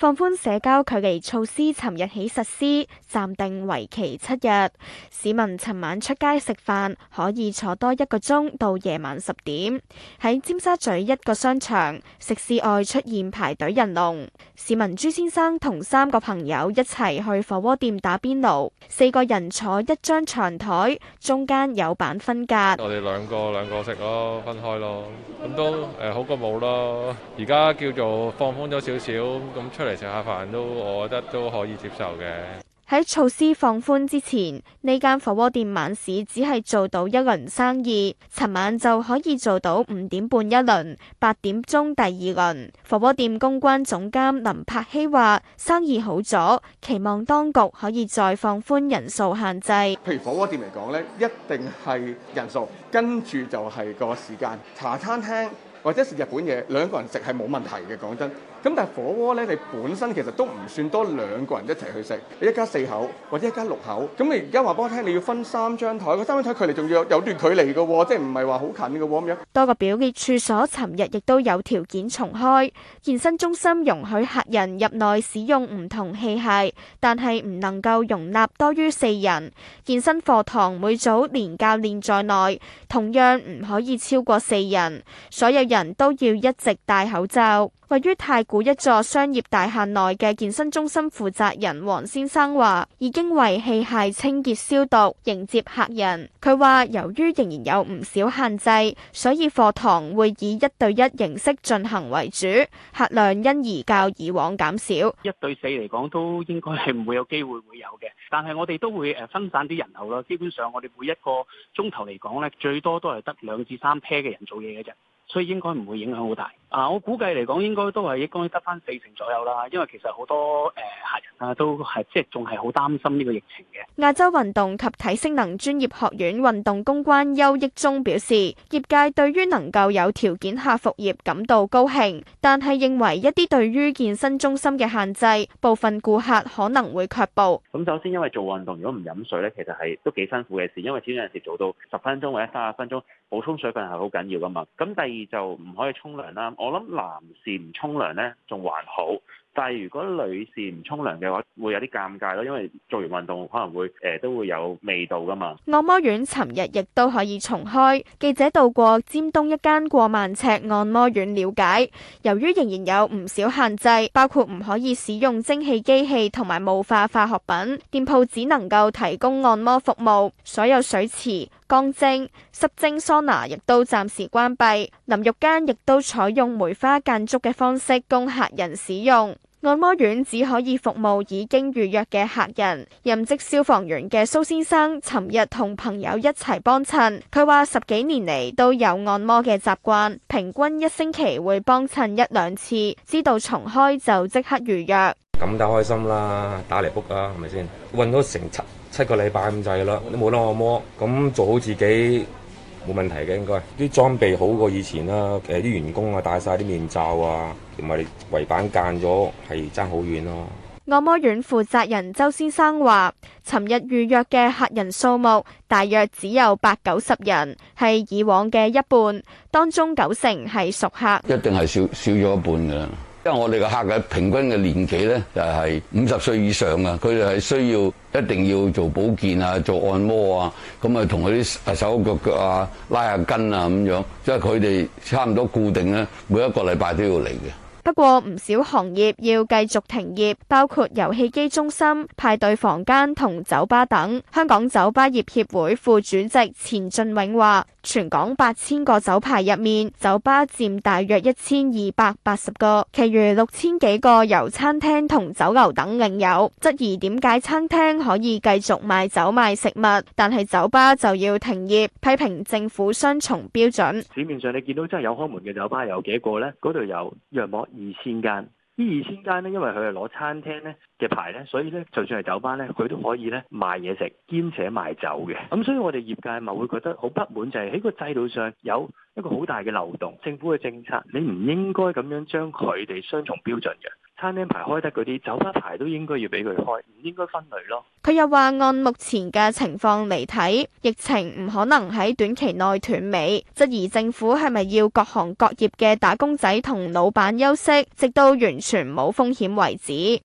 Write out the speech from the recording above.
放寬社交距離措施，尋日起實施，暫定為期七日。市民尋晚出街食飯可以坐多一個鐘到夜晚十點。喺尖沙咀一個商場食肆外出現排隊人龍，市民朱先生同三個朋友一齊去火鍋店打邊爐，四個人坐一張長台，中間有板分隔。我哋兩個兩個食咯，分開咯，咁都誒、呃、好過冇咯。而家叫做放寬咗少少，咁出嚟。食下飯都，我覺得都可以接受嘅。喺措施放寬之前，呢間火鍋店晚市只係做到一輪生意，尋晚就可以做到五點半一輪，八點鐘第二輪。火鍋店公關總監林柏希話：生意好咗，期望當局可以再放寬人數限制。譬如火鍋店嚟講呢，一定係人數，跟住就係個時間。茶餐廳。或者係日本嘢，兩個人食係冇問題嘅，講真。咁但係火鍋咧，你本身其實都唔算多兩個人一齊去食，你一家四口或者一家六口。咁你而家話俾我聽，你要分三張台，個三張台距離仲要有段距離嘅喎，即係唔係話好近嘅喎咁樣。多個表列處所，尋日亦都有條件重開健身中心，容許客人入內使用唔同器械，但係唔能夠容納多於四人。健身課堂每組連教練在內，同樣唔可以超過四人。所有。人都要一直戴口罩。位於太古一座商業大廈內嘅健身中心負責人黃先生話，已經為器械清潔消毒，迎接客人。佢話由於仍然有唔少限制，所以課堂會以一對一形式進行為主，客量因而較以往減少。一對四嚟講，都應該係唔會有機會會有嘅。但係我哋都會誒分散啲人流啦。基本上我哋每一個鐘頭嚟講咧，最多都係得兩至三 pair 嘅人做嘢嘅啫。所以應該唔會影響好大。啊，我估計嚟講應該都係應該得返四成左右啦，因為其實好多誒、呃、客人啦、啊、都係即係仲係好擔心呢個疫情嘅。亞洲運動及體適能專業學院運動公關邱益忠表示，業界對於能夠有條件客服業感到高興，但係認為一啲對於健身中心嘅限制，部分顧客可能會卻步。咁首先因為做運動如果唔飲水咧，其實係都幾辛苦嘅事，因為始終有陣時做到十分鐘或者三十分鐘，補充水分係好緊要㗎嘛。咁第二就唔可以沖涼啦。我諗男士唔沖涼呢仲還好，但係如果女士唔沖涼嘅話，會有啲尷尬咯，因為做完運動可能會誒、呃、都會有味道噶嘛。按摩院尋日亦都可以重開。記者到過尖東一間過萬尺按摩院了解，由於仍然有唔少限制，包括唔可以使用蒸汽機器同埋霧化化學品，店鋪只能夠提供按摩服務，所有水池、乾蒸、濕蒸桑拿亦都暫時關閉，淋浴間亦都採用梅花間竹嘅方式供客人使用。按摩院只可以服務已經預約嘅客人。任職消防員嘅蘇先生尋日同朋友一齊幫襯，佢話十幾年嚟都有按摩嘅習慣，平均一星期會幫襯一兩次。知道重開就即刻預約，咁梗開心啦，打嚟 book 啦，係咪先？混咗成七七個禮拜咁滯啦，你冇得按摩，咁做好自己。冇問題嘅，應該啲裝備好過以前啦。其實，啲員工啊，戴晒啲面罩啊，同埋你圍板間咗，係爭好遠咯，啊。按摩院負責人周先生話，尋日預約嘅客人數目大約只有八九十人，係以往嘅一半，當中九成係熟客。一定係少少咗一半㗎。因為我哋嘅客嘅平均嘅年紀咧，就係五十歲以上啊，佢哋係需要一定要做保健啊，做按摩啊，咁啊同佢啲手腳腳啊拉下筋啊咁樣，即係佢哋差唔多固定咧，每一個禮拜都要嚟嘅。不過唔少行業要繼續停業，包括遊戲機中心、派對房間同酒吧等。香港酒吧業協會副主席錢俊永話。全港八千個酒牌入面，酒吧佔大約一千二百八十個，其餘六千幾個由餐廳同酒樓等領有。質疑點解餐廳可以繼續賣酒賣食物，但係酒吧就要停業？批評政府雙重標準。市面上你見到真係有開門嘅酒吧有幾多個呢？嗰度有約莫二千間。呢二千間咧，因為佢係攞餐廳咧嘅牌咧，所以咧就算係酒吧咧，佢都可以咧賣嘢食兼且賣酒嘅。咁所以我哋業界咪會覺得好不滿，就係喺個制度上有一個好大嘅漏洞。政府嘅政策，你唔應該咁樣將佢哋雙重標準嘅。餐廳牌開得嗰啲，酒吧牌都應該要俾佢開，唔應該分類咯。佢又話，按目前嘅情況嚟睇，疫情唔可能喺短期內斷尾，質疑政府係咪要各行各業嘅打工仔同老闆休息，直到完全冇風險為止。